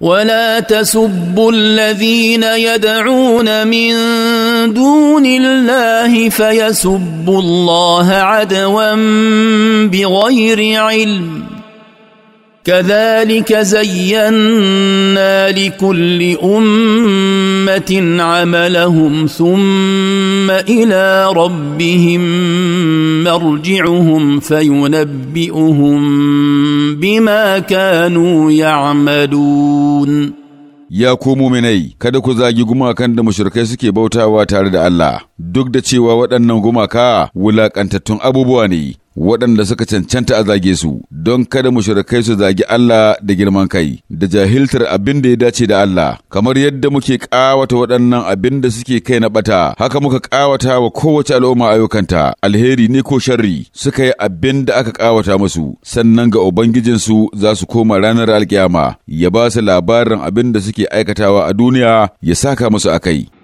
ولا تسبوا الذين يدعون من دون الله فيسبوا الله عدوا بغير علم كذلك زينا لكل امه عملهم ثم الى ربهم مرجعهم فينبئهم بما كانوا يعملون ya komo muminai kada ku zagi gumakan da mushrikai suke bautawa tare da Allah duk da cewa waɗannan gumaka wulaƙantattun abubuwa ne waɗanda suka cancanta a zage su don kada mu mushrikai su zagi Allah da girman kai da jahiltar abin da ya dace da Allah kamar yadda muke ƙawata waɗannan abin da suke kai na ɓata haka muka ƙawata wa kowace al'umma ayyukanta alheri ne ko sharri suka yi abin da aka ƙawata musu sannan ga ubangijinsu za su koma ranar alkiyama ya ba su labarin abin da suke aikatawa a duniya ya saka musu akai